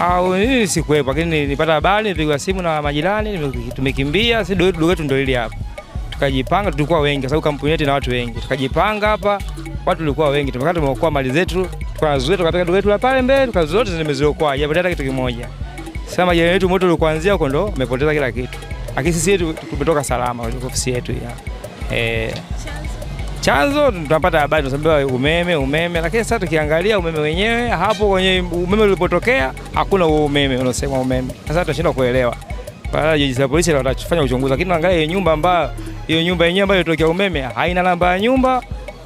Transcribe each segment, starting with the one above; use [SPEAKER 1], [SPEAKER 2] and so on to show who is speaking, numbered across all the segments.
[SPEAKER 1] au hii sikwepa, lakini nilipata habari, nilipigwa simu na majirani, tumekimbia. Sisi duka letu ndio ile hapa, tukajipanga. Tulikuwa wengi kwa sababu kampuni yetu ina watu wengi, tukajipanga hapa, watu walikuwa wengi, tumekaa tumeokoa mali zetu, tukazuia, tukapeka duka letu la pale mbele, tukazi zote nimeziokoa, japo hata kitu kimoja. Sasa majirani wetu moto ulikuanzia huko, ndo amepoteza kila kitu, lakini sisi yetu tumetoka salama, ofisi yetu ya eh chanzo tunapata habari, tunaambiwa umeme umeme, lakini sasa tukiangalia umeme wenyewe hapo kwenye umeme ulipotokea hakuna huo umeme unaosema umeme. Sasa tunashindwa kuelewa. Kwa jeshi la polisi watafanya uchunguzi, lakini tunaangalia hiyo nyumba ambayo hiyo nyumba yenyewe ambayo ilitokea umeme haina namba ya nyumba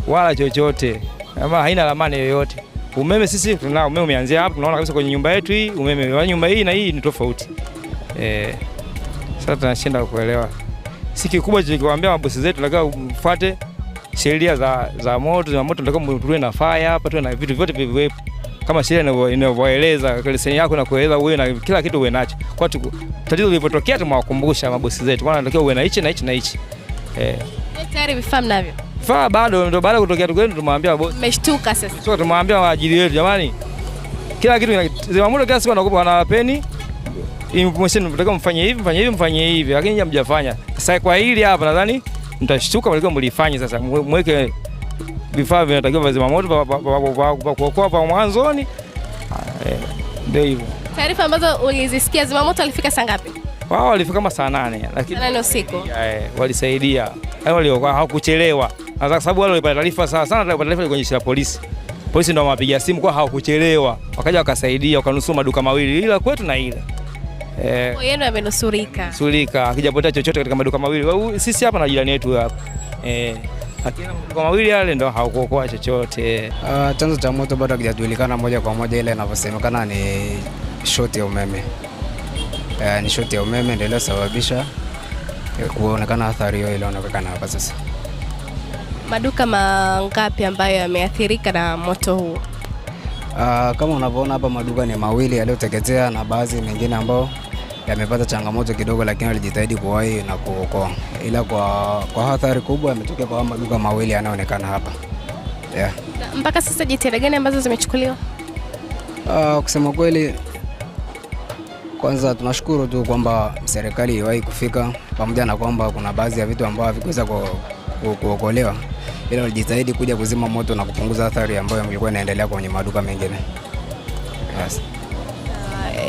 [SPEAKER 1] wala chochote, ama haina ramani yoyote. Umeme sisi tuna umeme umeanzia hapo, tunaona kabisa kwenye nyumba yetu hii umeme wa yaani nyumba hii na hii ni tofauti eh. Sasa tunashindwa kuelewa, si kikubwa tulikwambia mabosi zetu, lakini ufuate sheria za, za moto za moto, tunataka tuwe na fire hapa, tuwe na vitu vyote vilivyopo kama sheria inavyoeleza, leseni yako na kueleza wewe na kila kitu uwe nacho. Kwa tu tatizo lilipotokea, tumewakumbusha mabosi zetu kwa natakiwa uwe na hichi na hichi na hichi
[SPEAKER 2] eh, eh tayari vifaa mnavyo
[SPEAKER 1] vifaa bado, ndio baada kutokea tukio, tumwambia bosi,
[SPEAKER 2] mmeshtuka sasa.
[SPEAKER 1] Sio tumwambia waajiri wetu, jamani, kila kitu zima zimamoto, kila siku wanakupa wanawapeni information, mtakao mfanye hivi mfanye hivi mfanye hivi, lakini hamjafanya. Sasa kwa hili hapa nadhani mtashtuka mlikuwa mlifanya. Sasa mweke vifaa vinatakiwa vya zimamoto vya kuokoa vya mwanzoni, eh, ndio hivyo.
[SPEAKER 2] Taarifa ambazo ulizisikia, zimamoto walifika saa ngapi?
[SPEAKER 1] Wao walifika kama saa nane,
[SPEAKER 2] lakini nane usiku
[SPEAKER 1] eh, walisaidia, yaani hawakuchelewa kwa sababu wale walipata taarifa saa sana, walipata taarifa kwenye jeshi la polisi. Polisi ndio wapiga simu kwa hawakuchelewa, wakaja wakasaidia, wakanusuru maduka mawili, ila kwetu na ila
[SPEAKER 2] Eh, yenu yamenusurika.
[SPEAKER 1] Nusurika. akijapotea chochote katika maduka mawili. Sisi hapa na jirani yetu hapa eh, Kwa mawili yale ndo hakuokoa chochote.
[SPEAKER 3] Uh, chanzo cha moto bado hakijajulikana moja kwa moja, ile inavyosemekana ni shoti ya umeme uh, ni shoti ya umeme ndio iliyosababisha eh, kuonekana athari hiyo ilionekana hapa sasa.
[SPEAKER 2] Maduka mangapi ambayo yameathirika na moto huu?
[SPEAKER 3] Uh, kama unavyoona hapa maduka ni mawili yaliyoteketea na baadhi mengine ambao yamepata changamoto kidogo, lakini walijitahidi kuwahi na kuokoa, ila kwa, kwa hatari kubwa yametokea kwa maduka mawili yanayoonekana hapa yeah.
[SPEAKER 2] Mpaka sasa jitihada gani ambazo zimechukuliwa?
[SPEAKER 3] Uh, kusema kweli, kwanza tunashukuru tu kwamba serikali iwahi kufika, pamoja na kwamba kuna baadhi ya vitu ambavyo havikuweza kuokolewa ila walijitahidi kuja kuzima moto na kupunguza athari ambayo ilikuwa inaendelea kwenye maduka mengine.
[SPEAKER 2] Yes.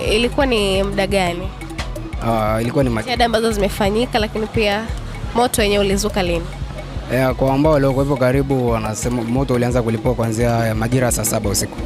[SPEAKER 2] Uh, ilikuwa ni muda gani?
[SPEAKER 3] Uh, ilikuwa ni
[SPEAKER 2] jitihada ambazo zimefanyika, lakini pia moto wenyewe ulizuka lini?
[SPEAKER 3] Yeah, kwa ambao waliokuwepo karibu wanasema moto ulianza kulipoa kuanzia majira saa saba usiku.